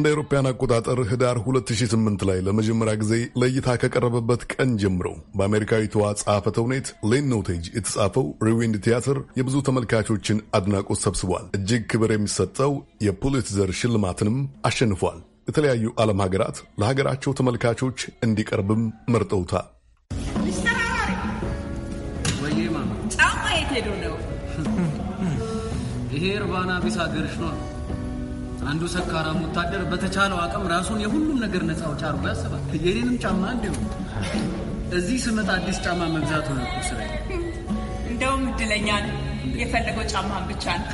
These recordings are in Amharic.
እንደ አውሮፓውያን አቆጣጠር ህዳር 2008 ላይ ለመጀመሪያ ጊዜ ለእይታ ከቀረበበት ቀን ጀምሮ በአሜሪካዊቷ ጸሐፌ ተውኔት ሌን ኖቴጅ የተጻፈው ሪዊንድ ቲያትር የብዙ ተመልካቾችን አድናቆት ሰብስቧል። እጅግ ክብር የሚሰጠው የፑሊትዘር ሽልማትንም አሸንፏል። የተለያዩ ዓለም ሀገራት ለሀገራቸው ተመልካቾች እንዲቀርብም መርጠውታል። ይሄ እርባና ቢስ ሀገርሽ ነው። አንዱ ሰካራም ወታደር በተቻለው አቅም ራሱን የሁሉም ነገር ነፃ አውጪ አድርጎ ያስባል። የኔንም ጫማ እንዲሁ እዚህ ስመጣ አዲስ ጫማ መግዛት ሆነ እኮ ስራ። እንደውም እድለኛ ነው የፈለገው ጫማን ብቻ ነው።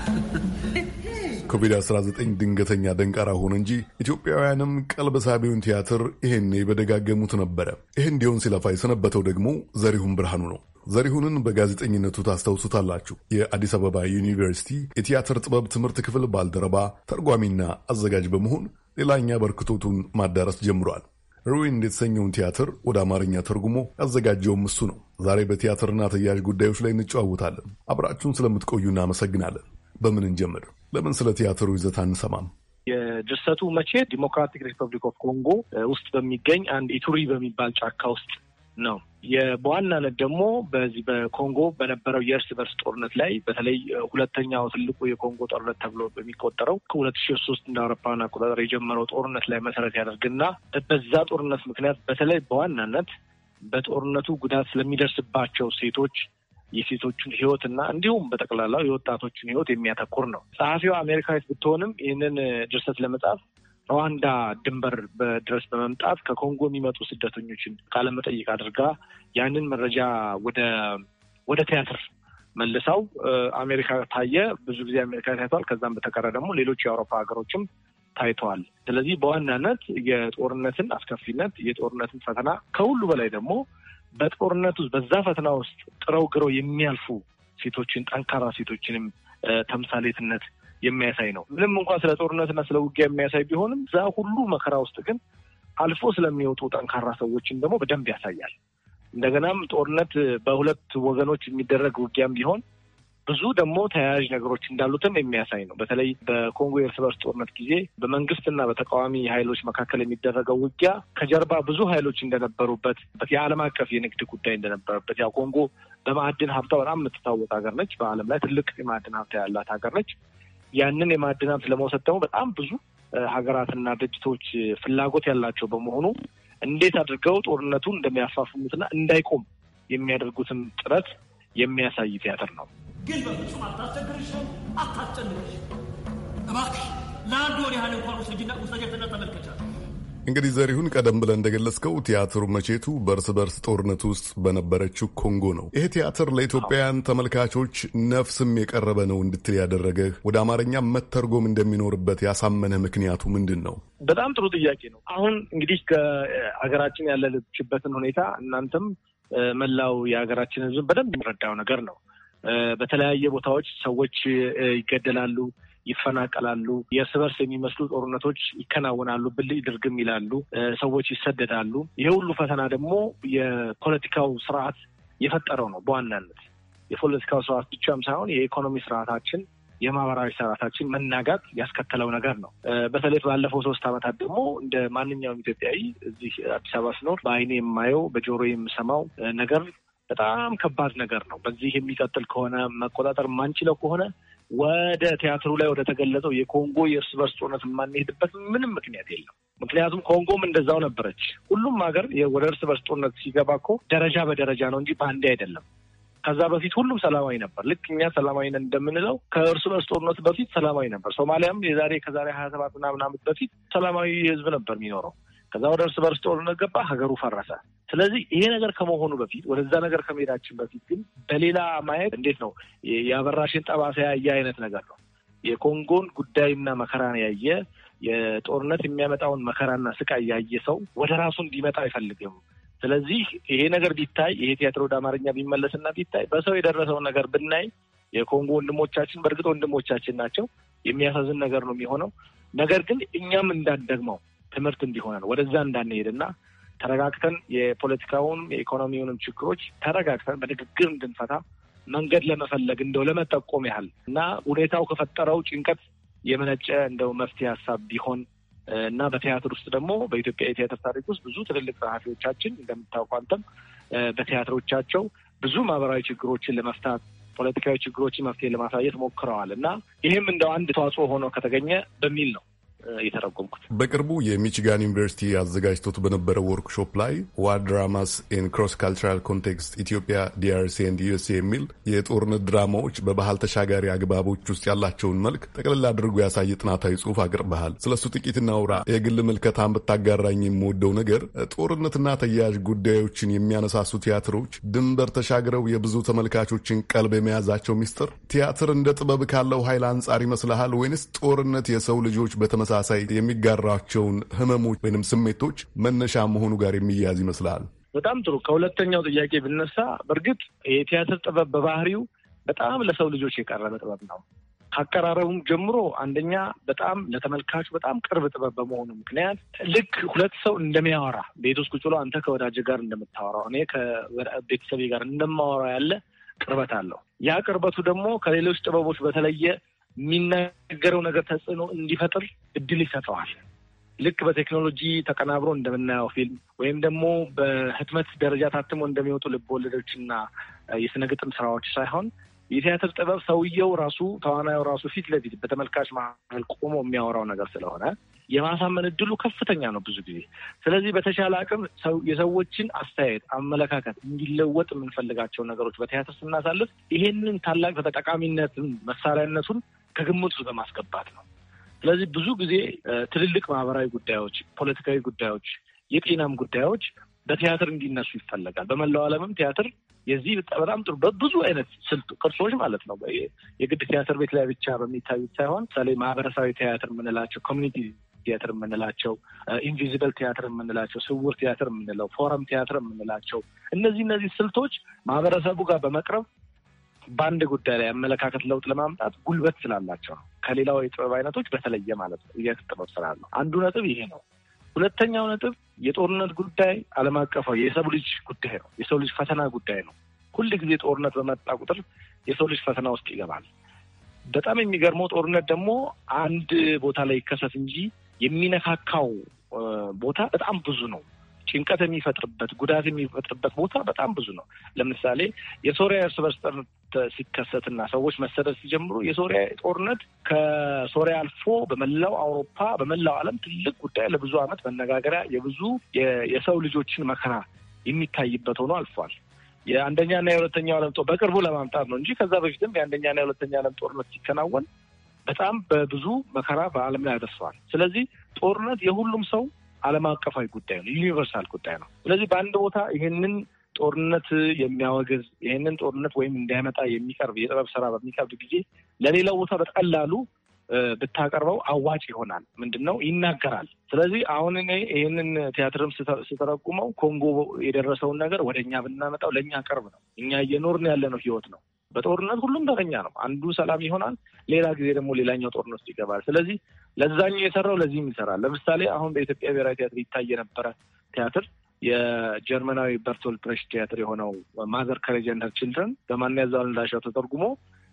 ኮቪድ-19 ድንገተኛ ደንቃራ ሆነ እንጂ ኢትዮጵያውያንም ቀልብ ሳቢውን ቲያትር ይሄኔ በደጋገሙት ነበረ። ይህ እንዲሆን ሲለፋ የሰነበተው ደግሞ ዘሪሁን ብርሃኑ ነው። ዘሪሁንን በጋዜጠኝነቱ ታስታውሱታላችሁ። የአዲስ አበባ ዩኒቨርሲቲ የቲያትር ጥበብ ትምህርት ክፍል ባልደረባ፣ ተርጓሚና አዘጋጅ በመሆን ሌላኛ በርክቶቱን ማዳረስ ጀምሯል። ሩዊን የተሰኘውን ቲያትር ወደ አማርኛ ተርጉሞ ያዘጋጀውም እሱ ነው። ዛሬ በቲያትርና ተያያዥ ጉዳዮች ላይ እንጨዋወታለን። አብራችሁን ስለምትቆዩ እናመሰግናለን። በምን እንጀምር? ለምን ስለ ቲያትሩ ይዘት አንሰማም? የድርሰቱ መቼት ዲሞክራቲክ ሪፐብሊክ ኦፍ ኮንጎ ውስጥ በሚገኝ አንድ ኢቱሪ በሚባል ጫካ ውስጥ ነው። በዋናነት ደግሞ በዚህ በኮንጎ በነበረው የእርስ በርስ ጦርነት ላይ በተለይ ሁለተኛው ትልቁ የኮንጎ ጦርነት ተብሎ በሚቆጠረው ከሁለት ሺ ሶስት እንደ አውሮፓውያን አቆጣጠር የጀመረው ጦርነት ላይ መሰረት ያደርግና በዛ ጦርነት ምክንያት በተለይ በዋናነት በጦርነቱ ጉዳት ስለሚደርስባቸው ሴቶች የሴቶቹን ህይወትና እንዲሁም በጠቅላላው የወጣቶችን ህይወት የሚያተኩር ነው። ጸሐፊው አሜሪካዊት ብትሆንም ይህንን ድርሰት ለመጻፍ ሩዋንዳ ድንበር ድረስ በመምጣት ከኮንጎ የሚመጡ ስደተኞችን ቃለመጠይቅ አድርጋ ያንን መረጃ ወደ ወደ ቲያትር መልሰው አሜሪካ ታየ። ብዙ ጊዜ አሜሪካ ታይተዋል። ከዛም በተቀረ ደግሞ ሌሎች የአውሮፓ ሀገሮችም ታይተዋል። ስለዚህ በዋናነት የጦርነትን አስከፊነት፣ የጦርነትን ፈተና ከሁሉ በላይ ደግሞ በጦርነት ውስጥ በዛ ፈተና ውስጥ ጥረው ግረው የሚያልፉ ሴቶችን ጠንካራ ሴቶችንም ተምሳሌትነት የሚያሳይ ነው። ምንም እንኳን ስለ ጦርነትና ስለ ውጊያ የሚያሳይ ቢሆንም እዛ ሁሉ መከራ ውስጥ ግን አልፎ ስለሚወጡ ጠንካራ ሰዎችን ደግሞ በደንብ ያሳያል። እንደገናም ጦርነት በሁለት ወገኖች የሚደረግ ውጊያም ቢሆን ብዙ ደግሞ ተያያዥ ነገሮች እንዳሉትም የሚያሳይ ነው። በተለይ በኮንጎ የእርስ በርስ ጦርነት ጊዜ በመንግስትና በተቃዋሚ ኃይሎች መካከል የሚደረገው ውጊያ ከጀርባ ብዙ ኃይሎች እንደነበሩበት፣ የዓለም አቀፍ የንግድ ጉዳይ እንደነበረበት፣ ያው ኮንጎ በማዕድን ሀብታ በጣም የምትታወቅ ሀገር ነች። በዓለም ላይ ትልቅ የማዕድን ሀብታ ያላት ሀገር ነች። ያንን የማዕድን ሀብት ለመውሰድ ደግሞ በጣም ብዙ ሀገራትና ድርጅቶች ፍላጎት ያላቸው በመሆኑ እንዴት አድርገው ጦርነቱን እንደሚያፋፍሙትና እንዳይቆም የሚያደርጉትን ጥረት የሚያሳይ ቲያትር ነው። ግን በፍጹም አታስቸግርሽም፣ አታስጨንቅሽ። እባክሽ ለአንድ ወር ያህል እንኳን ውሰጅና ውሰጃትና ተመልከቻል እንግዲህ ዘሪሁን፣ ቀደም ብለን እንደገለጽከው ቲያትሩ መቼቱ በእርስ በርስ ጦርነት ውስጥ በነበረችው ኮንጎ ነው። ይሄ ቲያትር ለኢትዮጵያውያን ተመልካቾች ነፍስም የቀረበ ነው እንድትል ያደረገህ ወደ አማርኛ መተርጎም እንደሚኖርበት ያሳመነህ ምክንያቱ ምንድን ነው? በጣም ጥሩ ጥያቄ ነው። አሁን እንግዲህ ከሀገራችን ያለችበትን ሁኔታ እናንተም መላው የሀገራችን ሕዝብ በደንብ የሚረዳው ነገር ነው። በተለያየ ቦታዎች ሰዎች ይገደላሉ። ይፈናቀላሉ፣ የእርስ በርስ የሚመስሉ ጦርነቶች ይከናወናሉ፣ ብልጭ ድርግም ይላሉ፣ ሰዎች ይሰደዳሉ። ይህ ሁሉ ፈተና ደግሞ የፖለቲካው ስርዓት የፈጠረው ነው በዋናነት የፖለቲካው ስርዓት ብቻም ሳይሆን የኢኮኖሚ ስርዓታችን የማህበራዊ ስርዓታችን መናጋት ያስከተለው ነገር ነው። በተለይ ባለፈው ሶስት ዓመታት ደግሞ እንደ ማንኛውም ኢትዮጵያዊ እዚህ አዲስ አበባ ስኖር በአይኔ የማየው በጆሮ የምሰማው ነገር በጣም ከባድ ነገር ነው። በዚህ የሚቀጥል ከሆነ መቆጣጠር የማንችለው ከሆነ ወደ ቲያትሩ ላይ ወደ ተገለጸው የኮንጎ የእርስ በርስ ጦርነት የማንሄድበት ምንም ምክንያት የለም። ምክንያቱም ኮንጎም እንደዛው ነበረች። ሁሉም ሀገር ወደ እርስ በርስ ጦርነት ሲገባ እኮ ደረጃ በደረጃ ነው እንጂ በአንዴ አይደለም። ከዛ በፊት ሁሉም ሰላማዊ ነበር። ልክ እኛ ሰላማዊ ነን እንደምንለው ከእርስ በርስ ጦርነት በፊት ሰላማዊ ነበር። ሶማሊያም የዛሬ ከዛሬ ሀያ ሰባት ምናምን ዓመት በፊት ሰላማዊ ህዝብ ነበር የሚኖረው። ከዛ ወደ እርስ በርስ ጦርነት ገባ፣ ሀገሩ ፈረሰ። ስለዚህ ይሄ ነገር ከመሆኑ በፊት ወደዛ ነገር ከመሄዳችን በፊት ግን በሌላ ማየት እንዴት ነው የአበራሽን ጠባሳ ያየ አይነት ነገር ነው። የኮንጎን ጉዳይና መከራ ያየ የጦርነት የሚያመጣውን መከራና ስቃይ ያየ ሰው ወደ ራሱ እንዲመጣ አይፈልግም። ስለዚህ ይሄ ነገር ቢታይ ይሄ ቲያትር ወደ አማርኛ ቢመለስና ቢታይ በሰው የደረሰውን ነገር ብናይ የኮንጎ ወንድሞቻችን በእርግጥ ወንድሞቻችን ናቸው። የሚያሳዝን ነገር ነው የሚሆነው። ነገር ግን እኛም እንዳንደግመው ትምህርት ነው ወደዛ እንዳንሄድና ተረጋግተን የፖለቲካውንም የኢኮኖሚውንም ችግሮች ተረጋግተን በንግግር እንድንፈታ መንገድ ለመፈለግ እንደው ለመጠቆም ያህል እና ሁኔታው ከፈጠረው ጭንቀት የመነጨ እንደው መፍትሄ ሀሳብ ቢሆን እና በቲያትር ውስጥ ደግሞ በኢትዮጵያ የቲያትር ታሪክ ውስጥ ብዙ ትልልቅ ጸሐፊዎቻችን እንደምታውቀው አንተም በቲያትሮቻቸው ብዙ ማህበራዊ ችግሮችን ለመፍታት ፖለቲካዊ ችግሮችን መፍትሄ ለማሳየት ሞክረዋል እና ይህም እንደው አንድ ተዋጽኦ ሆኖ ከተገኘ በሚል ነው የተረጎምኩት። በቅርቡ የሚቺጋን ዩኒቨርሲቲ አዘጋጅቶት በነበረው ወርክሾፕ ላይ ዋር ድራማስ ኢን ክሮስ ካልቸራል ኮንቴክስት ኢትዮጵያ ዲአርሲ ኤንድ ዩኤስኤ የሚል የጦርነት ድራማዎች በባህል ተሻጋሪ አግባቦች ውስጥ ያላቸውን መልክ ጠቅልላ አድርጎ ያሳየ ጥናታዊ ጽሑፍ አቅርበሃል። ስለሱ ጥቂት እናውራ። የግል ምልከታን ብታጋራኝ የምወደው ነገር ጦርነትና ተያያዥ ጉዳዮችን የሚያነሳሱ ቲያትሮች ድንበር ተሻግረው የብዙ ተመልካቾችን ቀልብ የመያዛቸው ሚስጥር ቲያትር እንደ ጥበብ ካለው ኃይል አንጻር ይመስልሃል ወይንስ ጦርነት የሰው ልጆች በተመሳ በተመሳሳይ የሚጋራቸውን ህመሞች ወይም ስሜቶች መነሻ መሆኑ ጋር የሚያያዝ ይመስላል። በጣም ጥሩ። ከሁለተኛው ጥያቄ ብነሳ በእርግጥ የቲያትር ጥበብ በባህሪው በጣም ለሰው ልጆች የቀረበ ጥበብ ነው። ከአቀራረቡም ጀምሮ አንደኛ በጣም ለተመልካቹ በጣም ቅርብ ጥበብ በመሆኑ ምክንያት ልክ ሁለት ሰው እንደሚያወራ ቤት ውስጥ ቁጭ ብሎ አንተ ከወዳጅ ጋር እንደምታወራው እኔ ከቤተሰቤ ጋር እንደማወራው ያለ ቅርበት አለው። ያ ቅርበቱ ደግሞ ከሌሎች ጥበቦች በተለየ የሚናገረው ነገር ተጽዕኖ እንዲፈጥር እድል ይሰጠዋል። ልክ በቴክኖሎጂ ተቀናብሮ እንደምናየው ፊልም ወይም ደግሞ በህትመት ደረጃ ታትሞ እንደሚወጡ ልብ ወለዶችና የስነ ግጥም ስራዎች ሳይሆን የቲያትር ጥበብ ሰውየው ራሱ ተዋናዩ ራሱ ፊት ለፊት በተመልካች መሀል ቆሞ የሚያወራው ነገር ስለሆነ የማሳመን እድሉ ከፍተኛ ነው ብዙ ጊዜ። ስለዚህ በተሻለ አቅም የሰዎችን አስተያየት፣ አመለካከት እንዲለወጥ የምንፈልጋቸው ነገሮች በቲያትር ስናሳልፍ ይሄንን ታላቅ ተጠቃሚነትን መሳሪያነቱን ከግምት ውስጥ በማስገባት ነው። ስለዚህ ብዙ ጊዜ ትልልቅ ማህበራዊ ጉዳዮች፣ ፖለቲካዊ ጉዳዮች፣ የጤናም ጉዳዮች በቲያትር እንዲነሱ ይፈለጋል። በመላው ዓለምም ቲያትር የዚህ በጣም ጥሩ በብዙ አይነት ስልት ቅርሶች ማለት ነው። የግድ ቲያትር ቤት ላይ ብቻ በሚታዩት ሳይሆን ምሳሌ ማህበረሰባዊ ቲያትር የምንላቸው፣ ኮሚኒቲ ቲያትር የምንላቸው፣ ኢንቪዚብል ቲያትር የምንላቸው፣ ስውር ቲያትር የምንለው፣ ፎረም ቲያትር የምንላቸው እነዚህ እነዚህ ስልቶች ማህበረሰቡ ጋር በመቅረብ በአንድ ጉዳይ ላይ አመለካከት ለውጥ ለማምጣት ጉልበት ስላላቸው ነው። ከሌላው የጥበብ አይነቶች በተለየ ማለት ነው። የጥበብ ስራ ነው። አንዱ ነጥብ ይሄ ነው። ሁለተኛው ነጥብ የጦርነት ጉዳይ ዓለም አቀፋዊ የሰው ልጅ ጉዳይ ነው። የሰው ልጅ ፈተና ጉዳይ ነው። ሁል ጊዜ ጦርነት በመጣ ቁጥር የሰው ልጅ ፈተና ውስጥ ይገባል። በጣም የሚገርመው ጦርነት ደግሞ አንድ ቦታ ላይ ይከሰት እንጂ የሚነካካው ቦታ በጣም ብዙ ነው። ጭንቀት የሚፈጥርበት ጉዳት የሚፈጥርበት ቦታ በጣም ብዙ ነው። ለምሳሌ የሶሪያ እርስ በርስ ጦርነት ሲከሰትና ሰዎች መሰደድ ሲጀምሩ የሶሪያ ጦርነት ከሶሪያ አልፎ በመላው አውሮፓ፣ በመላው ዓለም ትልቅ ጉዳይ ለብዙ ዓመት መነጋገሪያ የብዙ የሰው ልጆችን መከራ የሚታይበት ሆኖ አልፏል። የአንደኛና የሁለተኛው ዓለም ጦር በቅርቡ ለማምጣት ነው እንጂ ከዛ በፊትም የአንደኛና የሁለተኛ ዓለም ጦርነት ሲከናወን በጣም በብዙ መከራ በዓለም ላይ ያደርሰዋል። ስለዚህ ጦርነት የሁሉም ሰው ዓለም አቀፋዊ ጉዳይ ነው፣ ዩኒቨርሳል ጉዳይ ነው። ስለዚህ በአንድ ቦታ ይህንን ጦርነት የሚያወግዝ ይህንን ጦርነት ወይም እንዳይመጣ የሚቀርብ የጥበብ ስራ በሚቀርብ ጊዜ ለሌላው ቦታ በቀላሉ ብታቀርበው አዋጭ ይሆናል። ምንድን ነው ይናገራል። ስለዚህ አሁን እኔ ይህንን ቲያትርም ስተረጉመው ኮንጎ የደረሰውን ነገር ወደ እኛ ብናመጣው ለእኛ ቅርብ ነው። እኛ እየኖርን ያለነው ህይወት ነው። በጦርነት ሁሉም ተረኛ ነው። አንዱ ሰላም ይሆናል፣ ሌላ ጊዜ ደግሞ ሌላኛው ጦርነት ውስጥ ይገባል። ስለዚህ ለዛኛው የሰራው ለዚህም ይሰራል። ለምሳሌ አሁን በኢትዮጵያ ብሔራዊ ቲያትር ይታይ የነበረ ቲያትር የጀርመናዊ በርቶል ፕሬሽ ቲያትር የሆነው ማዘር ከሬጀንደር ችልድረን በማን ያዘዋል እንዳሻው ተተርጉሞ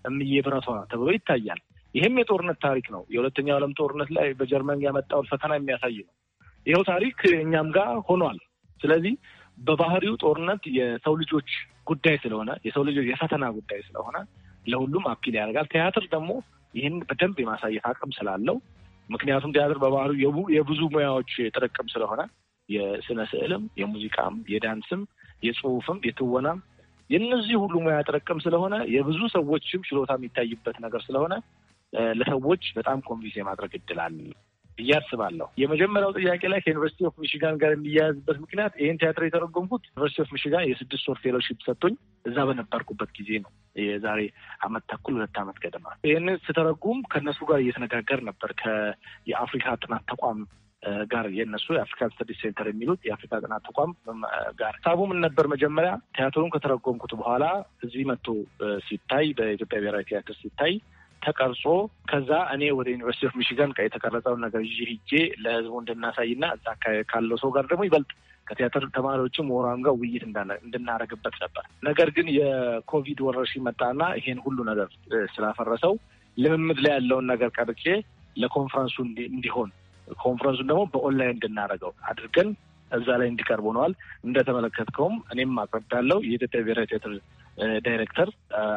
እምዬ ብረቷ ተብሎ ይታያል። ይህም የጦርነት ታሪክ ነው። የሁለተኛው ዓለም ጦርነት ላይ በጀርመን ያመጣውን ፈተና የሚያሳይ ነው። ይኸው ታሪክ እኛም ጋር ሆኗል። ስለዚህ በባህሪው ጦርነት የሰው ልጆች ጉዳይ ስለሆነ የሰው ልጆች የፈተና ጉዳይ ስለሆነ ለሁሉም አፒል ያደርጋል። ቲያትር ደግሞ ይህን በደንብ የማሳየት አቅም ስላለው ምክንያቱም ቲያትር በባህሉ የብዙ ሙያዎች ጥርቅም ስለሆነ የስነ ስዕልም፣ የሙዚቃም፣ የዳንስም፣ የጽሁፍም፣ የትወናም የእነዚህ ሁሉ ሙያ ጥርቅም ስለሆነ የብዙ ሰዎችም ችሎታ የሚታይበት ነገር ስለሆነ ለሰዎች በጣም ኮንቪንስ የማድረግ እድል አለ። ብዬ አስባለሁ። የመጀመሪያው ጥያቄ ላይ ከዩኒቨርሲቲ ኦፍ ሚሽጋን ጋር የሚያያዝበት ምክንያት ይህን ቲያትር የተረጎምኩት ዩኒቨርሲቲ ኦፍ ሚሽጋን የስድስት ወር ፌሎሺፕ ሰጥቶኝ እዛ በነበርኩበት ጊዜ ነው። የዛሬ አመት ተኩል ሁለት አመት ገደማ ይህንን ስተረጉም ከእነሱ ጋር እየተነጋገር ነበር የአፍሪካ ጥናት ተቋም ጋር የነሱ የአፍሪካ ስተዲስ ሴንተር የሚሉት የአፍሪካ ጥናት ተቋም ጋር ሳቡ ምን ነበር መጀመሪያ ቲያትሩን ከተረጎምኩት በኋላ እዚህ መጥቶ ሲታይ በኢትዮጵያ ብሔራዊ ቲያትር ሲታይ ተቀርጾ ከዛ እኔ ወደ ዩኒቨርሲቲ ኦፍ ሚሽጋን የተቀረጸውን ነገር ይዤ ሂጄ ለህዝቡ እንድናሳይና እዛ ካለው ሰው ጋር ደግሞ ይበልጥ ከቲያትር ተማሪዎችም ወራም ጋር ውይይት እንድናደርግበት ነበር። ነገር ግን የኮቪድ ወረርሽኝ መጣና ይሄን ሁሉ ነገር ስላፈረሰው ልምምድ ላይ ያለውን ነገር ቀርጬ ለኮንፈረንሱ እንዲሆን ኮንፈረንሱን ደግሞ በኦንላይን እንድናደርገው አድርገን እዛ ላይ እንዲቀርቡ ሆነዋል። እንደተመለከትከውም እኔም አቅርቤያለሁ። የኢትዮጵያ ብሔራዊ ቲያትር ዳይሬክተር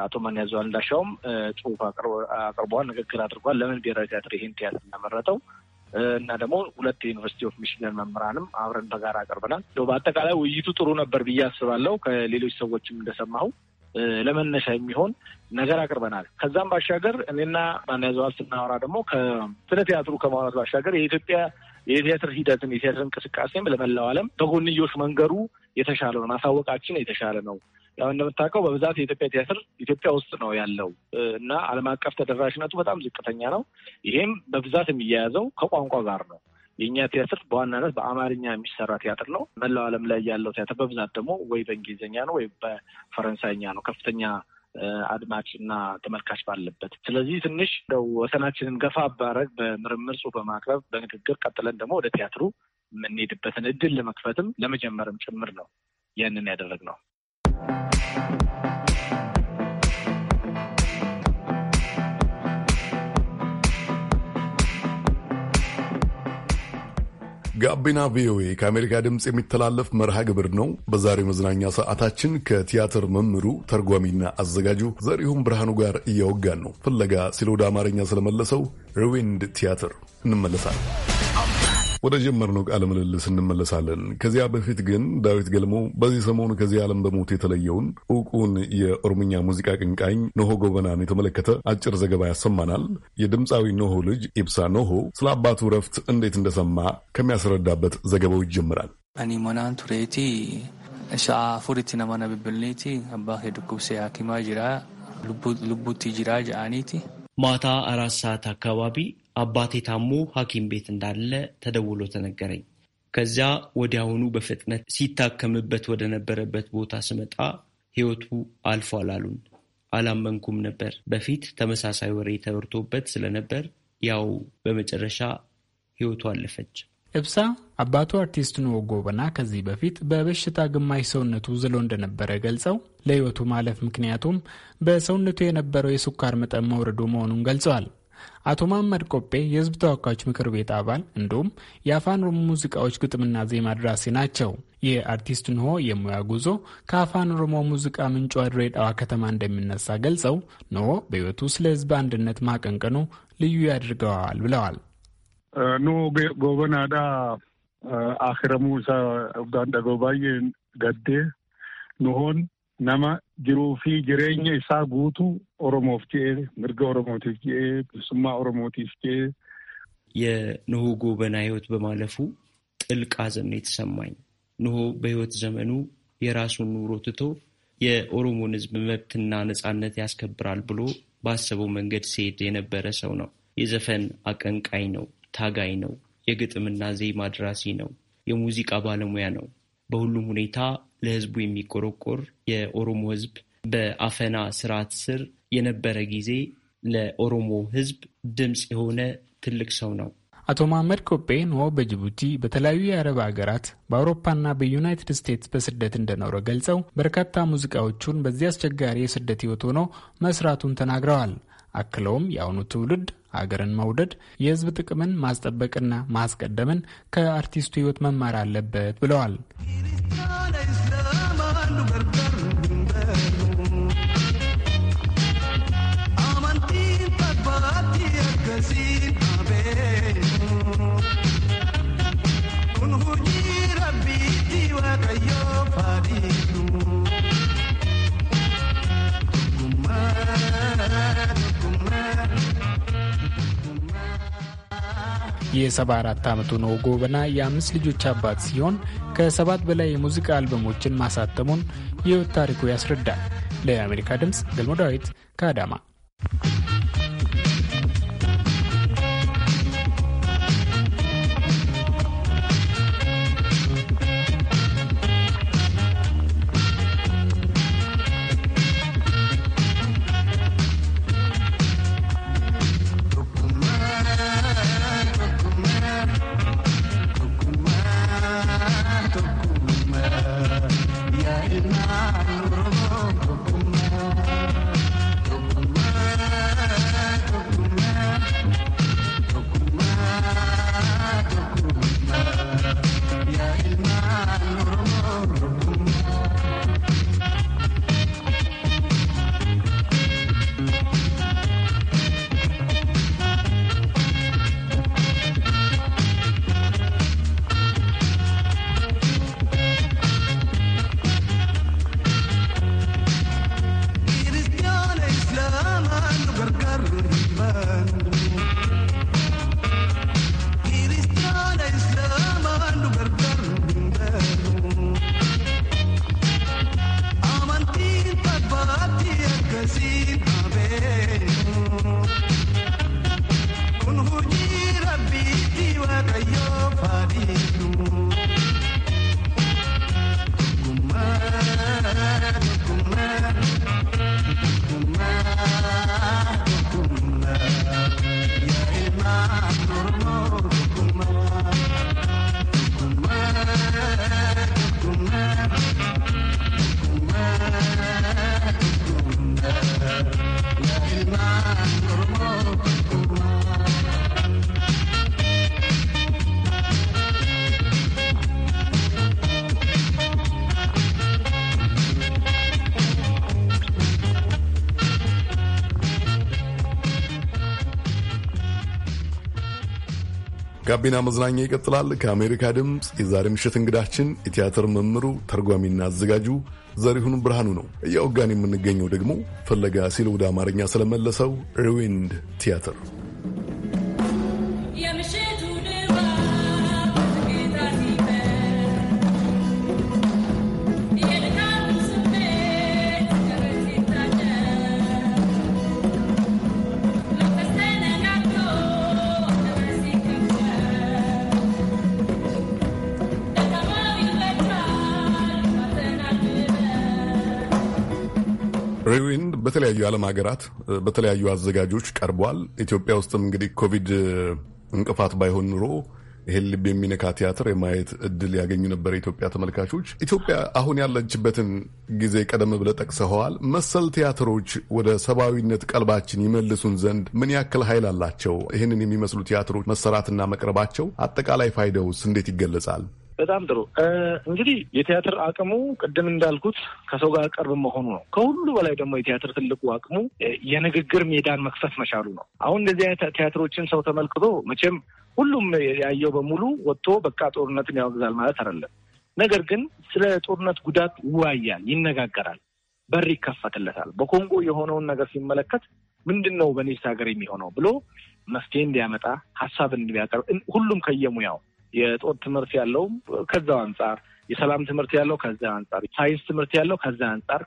አቶ ማን ያዘዋል እንዳሻውም ጽሁፍ አቅርበዋል፣ ንግግር አድርጓል። ለምን ብሔራዊ ቲያትር ይህን ቲያትር እንደመረጠው እና ደግሞ ሁለት የዩኒቨርሲቲ ኦፍ ሚሽገን መምህራንም አብረን በጋራ አቅርበናል። በአጠቃላይ ውይይቱ ጥሩ ነበር ብዬ አስባለሁ። ከሌሎች ሰዎችም እንደሰማሁ ለመነሻ የሚሆን ነገር አቅርበናል። ከዛም ባሻገር እኔና ማንያዘዋል ስናወራ ደግሞ ስለ ቲያትሩ ከማውራት ባሻገር የኢትዮጵያ የቲያትር ሂደትን የቲያትር እንቅስቃሴም ለመላው ዓለም በጎንዮሽ መንገዱ የተሻለ ነው፣ ማሳወቃችን የተሻለ ነው ያው እንደምታውቀው በብዛት የኢትዮጵያ ቲያትር ኢትዮጵያ ውስጥ ነው ያለው እና ዓለም አቀፍ ተደራሽነቱ በጣም ዝቅተኛ ነው። ይሄም በብዛት የሚያያዘው ከቋንቋ ጋር ነው። የእኛ ቲያትር በዋናነት በአማርኛ የሚሰራ ቲያትር ነው። መላው ዓለም ላይ ያለው ቲያትር በብዛት ደግሞ ወይ በእንግሊዝኛ ነው ወይ በፈረንሳይኛ ነው ከፍተኛ አድማጭ እና ተመልካች ባለበት። ስለዚህ ትንሽ እንደው ወሰናችንን ገፋ ባረግ በምርምር ጽሑፍ በማቅረብ በንግግር ቀጥለን ደግሞ ወደ ቲያትሩ የምንሄድበትን እድል ለመክፈትም ለመጀመርም ጭምር ነው ያንን ነው። ጋቢና ቪኦኤ ከአሜሪካ ድምፅ የሚተላለፍ መርሃ ግብር ነው። በዛሬው መዝናኛ ሰዓታችን ከቲያትር መምህሩ ተርጓሚና አዘጋጁ ዘሪሁን ብርሃኑ ጋር እያወጋን ነው። ፍለጋ ሲል ወደ አማርኛ ስለመለሰው ርዊንድ ቲያትር እንመለሳለን። ወደ ጀመርነው ቃለ ምልልስ እንመለሳለን። ከዚያ በፊት ግን ዳዊት ገልሞ በዚህ ሰሞኑ ከዚህ ዓለም በሞት የተለየውን እውቁን የኦሮምኛ ሙዚቃ ቅንቃኝ ኖሆ ጎበናን የተመለከተ አጭር ዘገባ ያሰማናል። የድምፃዊ ኖሆ ልጅ ኢብሳ ኖሆ ስለ አባቱ ረፍት እንዴት እንደሰማ ከሚያስረዳበት ዘገባው ይጀምራል። አኒ ሞናን ቱሬቲ እሳ ፉሪቲ ብብልኒቲ አባ ዱኩብሴ ሀኪማ ጅራ ልቡቲ ጅራ ጃአኒቲ ማታ አራት ሰዓት አካባቢ አባቴ ታሞ ሐኪም ቤት እንዳለ ተደውሎ ተነገረኝ። ከዚያ ወዲያውኑ በፍጥነት ሲታከምበት ወደ ነበረበት ቦታ ስመጣ ሕይወቱ አልፏል አሉን። አላመንኩም ነበር። በፊት ተመሳሳይ ወሬ ተወርቶበት ስለነበር ያው በመጨረሻ ሕይወቱ አለፈች። እብሳ አባቱ አርቲስት ወጎ በና ከዚህ በፊት በበሽታ ግማሽ ሰውነቱ ዝሎ እንደነበረ ገልጸው ለሕይወቱ ማለፍ ምክንያቱም በሰውነቱ የነበረው የስኳር መጠን መውረዱ መሆኑን ገልጸዋል። አቶ መሐመድ ቆጴ የህዝብ ተወካዮች ምክር ቤት አባል እንዲሁም የአፋን ኦሮሞ ሙዚቃዎች ግጥምና ዜማ ደራሲ ናቸው። የአርቲስት ንሆ የሙያ ጉዞ ከአፋን ኦሮሞ ሙዚቃ ምንጩ ድሬዳዋ ከተማ እንደሚነሳ ገልጸው ንሆ በሕይወቱ ስለ ህዝብ አንድነት ማቀንቀኑ ልዩ ያደርገዋል ብለዋል። nu gobanaadha akiramuu isaa obdaan dhagoo baay'een gaddee nuhoon nama jiruu fi jireenya isaa guutu Oromoof jee mirga Oromootiif jee bilisummaa Oromootiif je'ee የንሁ ጎበና ህይወት በማለፉ ጥልቅ ሐዘን ነው የተሰማኝ። ንሆ በህይወት ዘመኑ የራሱን ኑሮ ትቶ የኦሮሞን ህዝብ መብትና ነጻነት ያስከብራል ብሎ ባሰበው መንገድ ሲሄድ የነበረ ሰው ነው። የዘፈን አቀንቃኝ ነው። ታጋይ ነው። የግጥምና ዜማ ደራሲ ነው። የሙዚቃ ባለሙያ ነው። በሁሉም ሁኔታ ለህዝቡ የሚቆረቆር የኦሮሞ ህዝብ በአፈና ስርዓት ስር የነበረ ጊዜ ለኦሮሞ ህዝብ ድምፅ የሆነ ትልቅ ሰው ነው። አቶ መሐመድ ኮጴ ኖ በጅቡቲ በተለያዩ የአረብ ሀገራት በአውሮፓና በዩናይትድ ስቴትስ በስደት እንደኖረ ገልጸው በርካታ ሙዚቃዎቹን በዚህ አስቸጋሪ የስደት ህይወት ሆኖ መስራቱን ተናግረዋል። አክለውም የአሁኑ ትውልድ አገርን መውደድ፣ የህዝብ ጥቅምን ማስጠበቅና ማስቀደምን ከአርቲስቱ ህይወት መማር አለበት ብለዋል። የ74 ዓመቱ ነው ጎበና የአምስት ልጆች አባት ሲሆን ከሰባት በላይ የሙዚቃ አልበሞችን ማሳተሙን የሕይወት ታሪኩ ያስረዳል። ለአሜሪካ ድምፅ ገልሞ ዳዊት ከአዳማ ጋቢና መዝናኛ ይቀጥላል። ከአሜሪካ ድምፅ የዛሬ ምሽት እንግዳችን የቲያትር መምህሩ ተርጓሚና አዘጋጁ ዘሪሁን ብርሃኑ ነው። እያወጋን የምንገኘው ደግሞ ፍለጋ ሲል ወደ አማርኛ ስለመለሰው ሪዊንድ ቲያትር ዶክሜንተሪን በተለያዩ ዓለም ሀገራት በተለያዩ አዘጋጆች ቀርቧል። ኢትዮጵያ ውስጥም እንግዲህ ኮቪድ እንቅፋት ባይሆን ኑሮ ይህን ልብ የሚነካ ቲያትር የማየት እድል ያገኙ ነበር የኢትዮጵያ ተመልካቾች። ኢትዮጵያ አሁን ያለችበትን ጊዜ ቀደም ብለ ጠቅሰኸዋል። መሰል ቲያትሮች ወደ ሰብአዊነት ቀልባችን ይመልሱን ዘንድ ምን ያክል ኃይል አላቸው? ይህንን የሚመስሉ ቲያትሮች መሰራትና መቅረባቸው አጠቃላይ ፋይዳውስ እንዴት ይገለጻል? በጣም ጥሩ እንግዲህ የቲያትር አቅሙ ቅድም እንዳልኩት ከሰው ጋር ቅርብ መሆኑ ነው። ከሁሉ በላይ ደግሞ የቲያትር ትልቁ አቅሙ የንግግር ሜዳን መክፈት መቻሉ ነው። አሁን እንደዚህ አይነት ቲያትሮችን ሰው ተመልክቶ መቼም ሁሉም ያየው በሙሉ ወጥቶ በቃ ጦርነትን ያወግዛል ማለት አይደለም። ነገር ግን ስለ ጦርነት ጉዳት ይወያያል፣ ይነጋገራል፣ በር ይከፈትለታል። በኮንጎ የሆነውን ነገር ሲመለከት ምንድን ነው በኔክስት ሀገር የሚሆነው ብሎ መፍትሄ እንዲያመጣ ሀሳብ እንዲያቀርብ ሁሉም ከየሙያው የጦር ትምህርት ያለው ከዛው አንጻር፣ የሰላም ትምህርት ያለው ከዛ አንጻር፣ ሳይንስ ትምህርት ያለው ከዛ አንጻር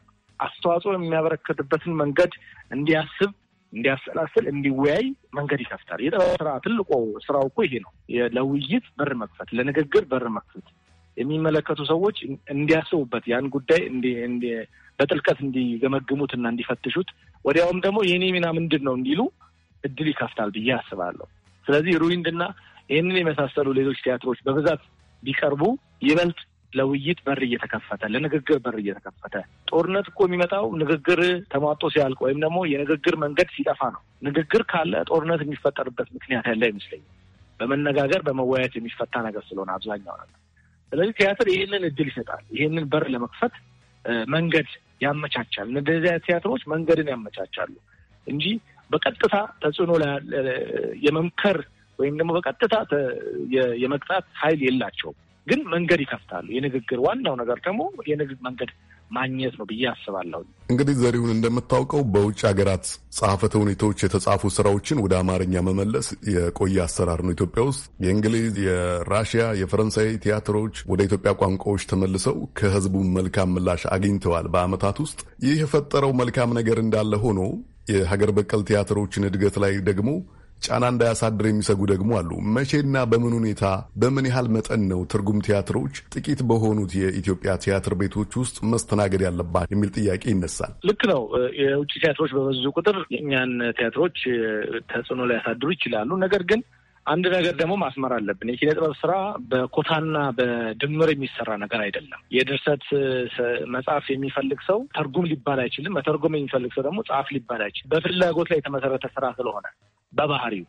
አስተዋጽኦ የሚያበረከትበትን መንገድ እንዲያስብ እንዲያሰላስል እንዲወያይ መንገድ ይከፍታል። የጥበብ ስራ ትልቆ ስራው እኮ ይሄ ነው። ለውይይት በር መክፈት፣ ለንግግር በር መክፈት፣ የሚመለከቱ ሰዎች እንዲያስቡበት፣ ያን ጉዳይ በጥልቀት እንዲገመግሙት እና እንዲፈትሹት፣ ወዲያውም ደግሞ የኔ ሚና ምንድን ነው እንዲሉ እድል ይከፍታል ብዬ አስባለሁ። ስለዚህ ሩዊንድና ይህንን የመሳሰሉ ሌሎች ቲያትሮች በብዛት ቢቀርቡ ይበልጥ ለውይይት በር እየተከፈተ ለንግግር በር እየተከፈተ ጦርነት እኮ የሚመጣው ንግግር ተሟጦ ሲያልቅ ወይም ደግሞ የንግግር መንገድ ሲጠፋ ነው። ንግግር ካለ ጦርነት የሚፈጠርበት ምክንያት ያለ አይመስለኝም። በመነጋገር በመወያየት የሚፈታ ነገር ስለሆነ አብዛኛው ነገር። ስለዚህ ቲያትር ይህንን እድል ይሰጣል። ይህንን በር ለመክፈት መንገድ ያመቻቻል። እንደዚህ ቲያትሮች መንገድን ያመቻቻሉ እንጂ በቀጥታ ተጽዕኖ የመምከር ወይም ደግሞ በቀጥታ የመቅጣት ኃይል የላቸውም፣ ግን መንገድ ይከፍታሉ። የንግግር ዋናው ነገር ደግሞ የንግግር መንገድ ማግኘት ነው ብዬ አስባለሁ። እንግዲህ ዘሪሁን፣ እንደምታውቀው በውጭ ሀገራት ጸሐፈተ ሁኔታዎች የተጻፉ ስራዎችን ወደ አማርኛ መመለስ የቆየ አሰራር ነው። ኢትዮጵያ ውስጥ የእንግሊዝ፣ የራሽያ፣ የፈረንሳይ ቲያትሮች ወደ ኢትዮጵያ ቋንቋዎች ተመልሰው ከህዝቡ መልካም ምላሽ አግኝተዋል በአመታት ውስጥ። ይህ የፈጠረው መልካም ነገር እንዳለ ሆኖ የሀገር በቀል ቲያትሮችን እድገት ላይ ደግሞ ጫና እንዳያሳድር የሚሰጉ ደግሞ አሉ። መቼና በምን ሁኔታ በምን ያህል መጠን ነው ትርጉም ቲያትሮች ጥቂት በሆኑት የኢትዮጵያ ቲያትር ቤቶች ውስጥ መስተናገድ ያለባት የሚል ጥያቄ ይነሳል። ልክ ነው። የውጭ ቲያትሮች በበዙ ቁጥር የእኛን ቲያትሮች ተጽዕኖ ሊያሳድሩ ይችላሉ። ነገር ግን አንድ ነገር ደግሞ ማስመር አለብን። የኪነ ጥበብ ስራ በኮታና በድምር የሚሰራ ነገር አይደለም። የድርሰት መጽሐፍ የሚፈልግ ሰው ተርጉም ሊባል አይችልም። መተርጎም የሚፈልግ ሰው ደግሞ ጸሐፍ ሊባል አይችልም። በፍላጎት ላይ የተመሰረተ ስራ ስለሆነ በባህሪው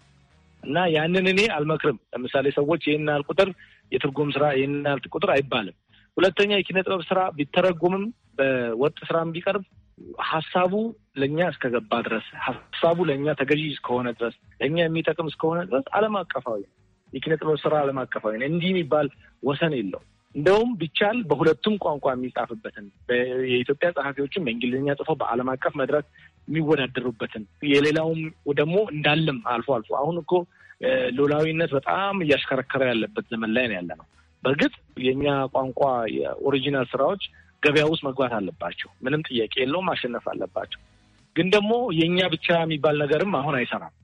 እና ያንን እኔ አልመክርም። ለምሳሌ ሰዎች ይህን ያህል ቁጥር የትርጉም ስራ ይህን ያህል ቁጥር አይባልም። ሁለተኛ የኪነ ጥበብ ስራ ቢተረጉምም በወጥ ስራም ቢቀርብ ሀሳቡ ለእኛ እስከገባ ድረስ ሀሳቡ ለእኛ ተገዢ እስከሆነ ድረስ ለእኛ የሚጠቅም እስከሆነ ድረስ ዓለም አቀፋዊ የኪነ ጥበብ ስራ ዓለም አቀፋዊ ነው። እንዲህ የሚባል ወሰን የለው። እንደውም ቢቻል በሁለቱም ቋንቋ የሚጻፍበትን የኢትዮጵያ ጸሐፊዎችም በእንግሊዝኛ ጽፎ በዓለም አቀፍ መድረክ የሚወዳደሩበትን የሌላውም ደግሞ እንዳለም አልፎ አልፎ አሁን እኮ ሎላዊነት በጣም እያሽከረከረ ያለበት ዘመን ላይ ነው ያለ ነው። በእርግጥ የእኛ ቋንቋ የኦሪጂናል ስራዎች ገበያ ውስጥ መግባት አለባቸው። ምንም ጥያቄ የለውም። ማሸነፍ አለባቸው። ግን ደግሞ የእኛ ብቻ የሚባል ነገርም አሁን አይሰራም።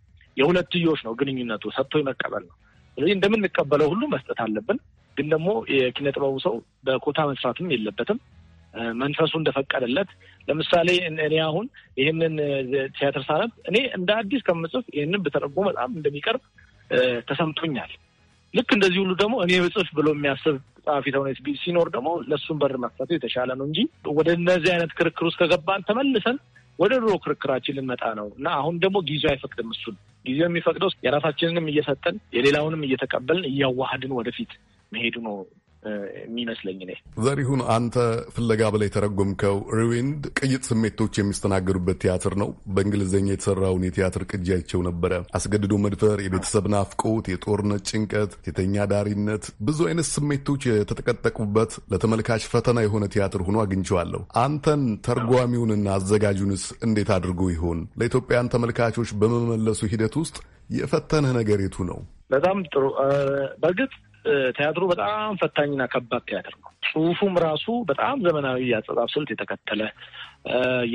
የሁለትዮሽ ነው ግንኙነቱ፣ ሰጥቶ መቀበል ነው። ስለዚህ እንደምንቀበለው ሁሉ መስጠት አለብን። ግን ደግሞ የኪነ ጥበቡ ሰው በኮታ መስራትም የለበትም። መንፈሱ እንደፈቀደለት። ለምሳሌ እኔ አሁን ይህንን ቲያትር ሳነብ እኔ እንደ አዲስ ከምጽፍ ይህንን ብተረጎ በጣም እንደሚቀርብ ተሰምቶኛል። ልክ እንደዚህ ሁሉ ደግሞ እኔ ብጽፍ ብሎ የሚያስብ ጸሐፊ ተውኔት ሲኖር ደግሞ ለእሱን በር መክፈቱ የተሻለ ነው እንጂ ወደ እነዚህ አይነት ክርክር ውስጥ ከገባን ተመልሰን ወደ ድሮ ክርክራችን ልንመጣ ነው እና አሁን ደግሞ ጊዜው አይፈቅድም። እሱን ጊዜው የሚፈቅደው የራሳችንንም እየሰጠን የሌላውንም እየተቀበልን እያዋሃድን ወደፊት መሄዱ ነው የሚመስለኝ እኔ። ዘሪሁን፣ አንተ ፍለጋ በላይ የተረጎምከው ሪዊንድ ቅይጥ ስሜቶች የሚስተናገዱበት ቲያትር ነው። በእንግሊዝኛ የተሰራውን የቲያትር ቅጃቸው ነበረ። አስገድዶ መድፈር፣ የቤተሰብ ናፍቆት፣ የጦርነት ጭንቀት፣ ሴተኛ ዳሪነት፣ ብዙ አይነት ስሜቶች የተጠቀጠቁበት ለተመልካች ፈተና የሆነ ቲያትር ሆኖ አግኝቼዋለሁ። አንተን ተርጓሚውንና አዘጋጁንስ እንዴት አድርጎ ይሆን ለኢትዮጵያን ተመልካቾች በመመለሱ ሂደት ውስጥ የፈተነህ ነገር የቱ ነው? በጣም ጥሩ። በእርግጥ ቲያትሩ በጣም ፈታኝና ከባድ ቲያትር ነው። ጽሁፉም ራሱ በጣም ዘመናዊ የአጸጻፍ ስልት የተከተለ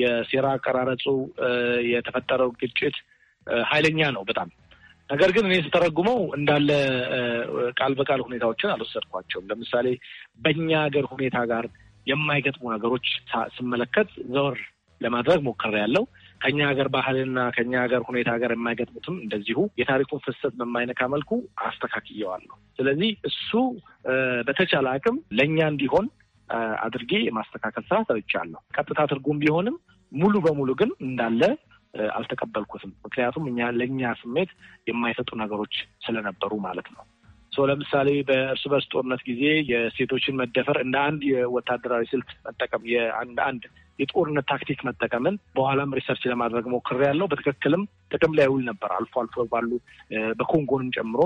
የሴራ አቀራረጹ የተፈጠረው ግጭት ኃይለኛ ነው በጣም ነገር ግን እኔ ስተረጉመው እንዳለ ቃል በቃል ሁኔታዎችን አልወሰድኳቸውም። ለምሳሌ በእኛ ሀገር ሁኔታ ጋር የማይገጥሙ ነገሮች ስመለከት ዘወር ለማድረግ ሞከሬ ያለው ከኛ ሀገር ባህልና ከኛ ሀገር ሁኔታ ጋር የማይገጥሙትም እንደዚሁ የታሪኩን ፍሰት በማይነካ መልኩ አስተካክየዋለሁ። ስለዚህ እሱ በተቻለ አቅም ለእኛ እንዲሆን አድርጌ የማስተካከል ስራ ሰርቻለሁ። ቀጥታ ትርጉም ቢሆንም ሙሉ በሙሉ ግን እንዳለ አልተቀበልኩትም። ምክንያቱም እኛ ለእኛ ስሜት የማይሰጡ ነገሮች ስለነበሩ ማለት ነው። ሶ ለምሳሌ በእርስ በርስ ጦርነት ጊዜ የሴቶችን መደፈር እንደ አንድ የወታደራዊ ስልት መጠቀም የአንድ አንድ የጦርነት ታክቲክ መጠቀምን በኋላም ሪሰርች ለማድረግ ሞክሬ ያለው በትክክልም ጥቅም ላይ ውል ነበር። አልፎ አልፎ ባሉ በኮንጎንም ጨምሮ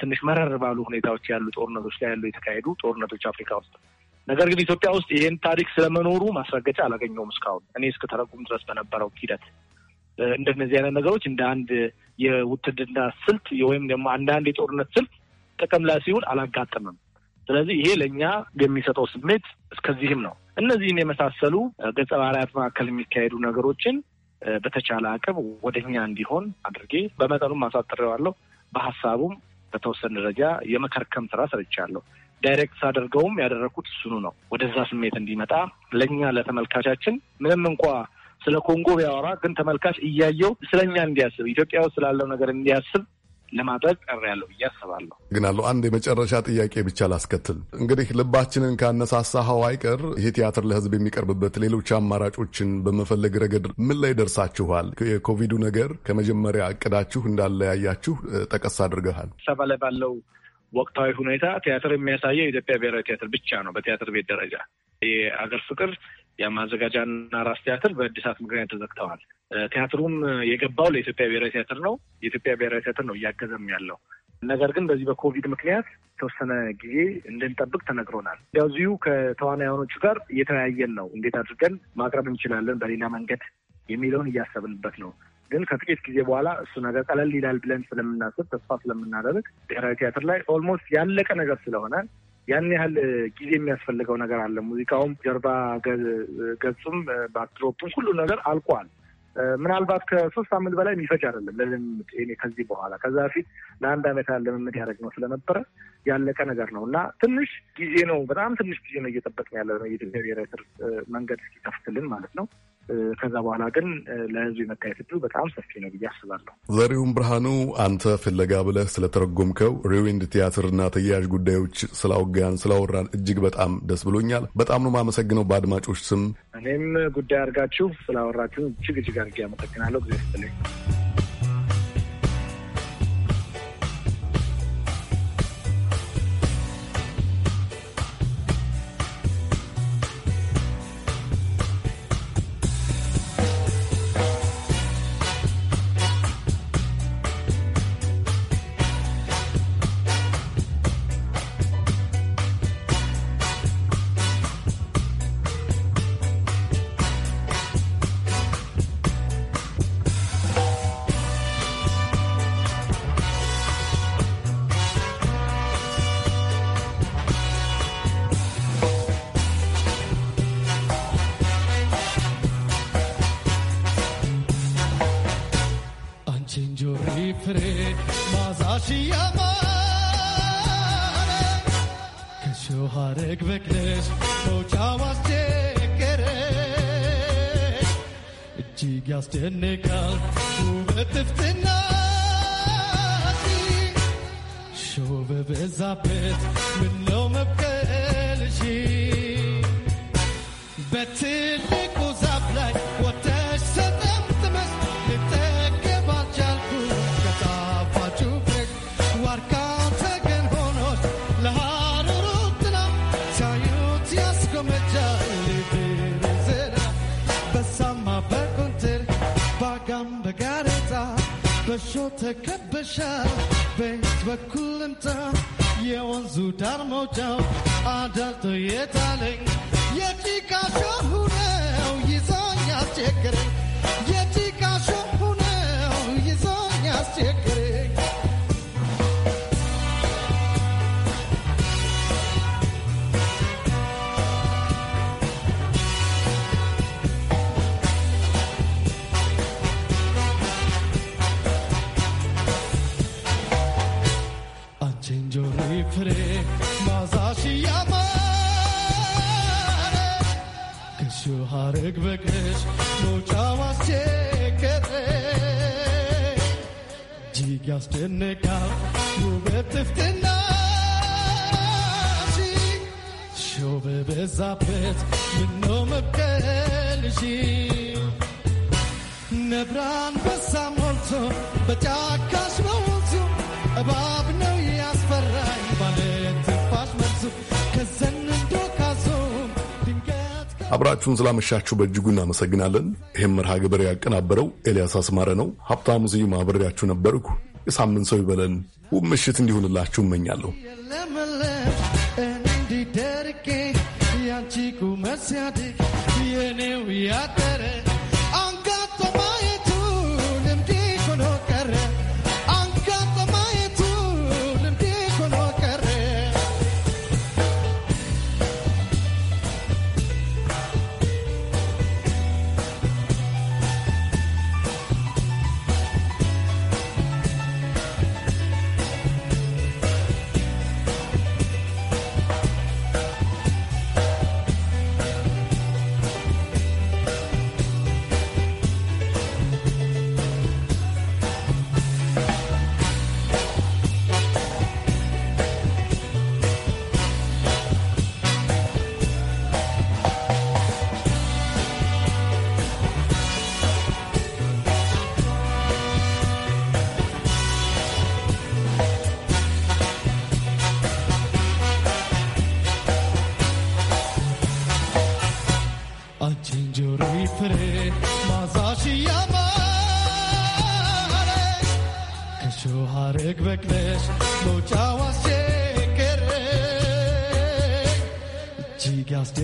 ትንሽ መረር ባሉ ሁኔታዎች ያሉ ጦርነቶች ላይ ያሉ የተካሄዱ ጦርነቶች አፍሪካ ውስጥ ነገር ግን ኢትዮጵያ ውስጥ ይህን ታሪክ ስለመኖሩ ማስረገጫ አላገኘውም። እስካሁን እኔ እስከ ተረጉም ድረስ በነበረው ሂደት እንደነዚህ አይነት ነገሮች እንደ አንድ የውትድና ስልት ወይም ደግሞ አንዳንድ የጦርነት ስልት ጥቅም ላይ ሲውል አላጋጠምም። ስለዚህ ይሄ ለእኛ የሚሰጠው ስሜት እስከዚህም ነው። እነዚህን የመሳሰሉ ገጸ ባህርያት መካከል የሚካሄዱ ነገሮችን በተቻለ አቅም ወደኛ እንዲሆን አድርጌ በመጠኑም አሳጥሬዋለሁ። በሀሳቡም በተወሰነ ደረጃ የመከርከም ስራ ሰርቻለሁ። ዳይሬክት ሳደርገውም ያደረግኩት እሱኑ ነው። ወደዛ ስሜት እንዲመጣ ለእኛ ለተመልካቻችን ምንም እንኳ ስለ ኮንጎ ቢያወራ ግን ተመልካች እያየው ስለኛ እንዲያስብ ኢትዮጵያ ውስጥ ስላለው ነገር እንዲያስብ ለማድረግ ቀር ያለው ብዬ አስባለሁ። ግን አለው አንድ የመጨረሻ ጥያቄ ብቻ ላስከትል። እንግዲህ ልባችንን ካነሳሳኸው አይቀር ይህ ቲያትር ለህዝብ የሚቀርብበት ሌሎች አማራጮችን በመፈለግ ረገድ ምን ላይ ደርሳችኋል? የኮቪዱ ነገር ከመጀመሪያ እቅዳችሁ እንዳለያያችሁ ጠቀስ አድርገሃል። ሰባ ላይ ባለው ወቅታዊ ሁኔታ ቲያትር የሚያሳየው የኢትዮጵያ ብሔራዊ ቲያትር ብቻ ነው። በቲያትር ቤት ደረጃ የአገር ፍቅር፣ የማዘጋጃና ራስ ቲያትር በእድሳት ምክንያት ተዘግተዋል። ቲያትሩም የገባው ለኢትዮጵያ ብሔራዊ ቲያትር ነው። የኢትዮጵያ ብሔራዊ ቲያትር ነው እያገዘም ያለው። ነገር ግን በዚህ በኮቪድ ምክንያት የተወሰነ ጊዜ እንድንጠብቅ ተነግሮናል። ያዚሁ ከተዋናዮቹ ጋር እየተወያየን ነው፣ እንዴት አድርገን ማቅረብ እንችላለን በሌላ መንገድ የሚለውን እያሰብንበት ነው። ግን ከጥቂት ጊዜ በኋላ እሱ ነገር ቀለል ይላል ብለን ስለምናስብ ተስፋ ስለምናደርግ ብሔራዊ ቲያትር ላይ ኦልሞስት ያለቀ ነገር ስለሆነ ያን ያህል ጊዜ የሚያስፈልገው ነገር አለ። ሙዚቃውም፣ ጀርባ ገጹም፣ ባክድሮፑም ሁሉ ነገር አልቋል። ምናልባት ከሶስት አመት በላይ የሚፈጅ አይደለም ለልምምድ ኔ ከዚህ በኋላ ከዛ በፊት ለአንድ አመት ያህል ልምምድ ያደረግ ነው ስለነበረ ያለቀ ነገር ነው እና ትንሽ ጊዜ ነው፣ በጣም ትንሽ ጊዜ ነው እየጠበቅን ያለ ነው የኢትዮጵያ ብሔራዊ መንገድ እስኪከፍትልን ማለት ነው። ከዛ በኋላ ግን ለህዝብ የመታየት እድሉ በጣም ሰፊ ነው ብዬ አስባለሁ። ዘሪሁን ብርሃኑ፣ አንተ ፍለጋ ብለህ ስለተረጎምከው ሪዊንድ ቲያትርና ተያያዥ ጉዳዮች ስላውጋን ስላወራን እጅግ በጣም ደስ ብሎኛል። በጣም ነው የማመሰግነው በአድማጮች ስም። እኔም ጉዳይ አድርጋችሁ ስላወራችሁ እጅግ እጅግ አድርጌ አመሰግናለሁ ጊዜ ስትለኝ ስትመለስ ሞጫዋ አስቸገረ እጅግ ያስደንቃል በበዛበት ምነው መብቀልሽ በትል በጋሾ ተከበሻል። ቤት በኩል እምጣ የወንዙ ዳር መውጫው አዳልቶ የታለኝ የጭቃሾ ሁነው ይዞኝ አስቸግረኝ የጭቃሾ ሁነው ይዞኝ አስቸግረኝ አብራችሁን ስላመሻችሁ በእጅጉ እናመሰግናለን። ይህም መርሃ ግብር ያቀናበረው ኤልያስ አስማረ ነው። ሀብታሙ ስዩም አብሬያችሁ ነበርኩ። የሳምንት ሰው ይበለን። ውብ ምሽት እንዲሆንላችሁ እመኛለሁ። Chico, mas se a የኔው ያጠረ።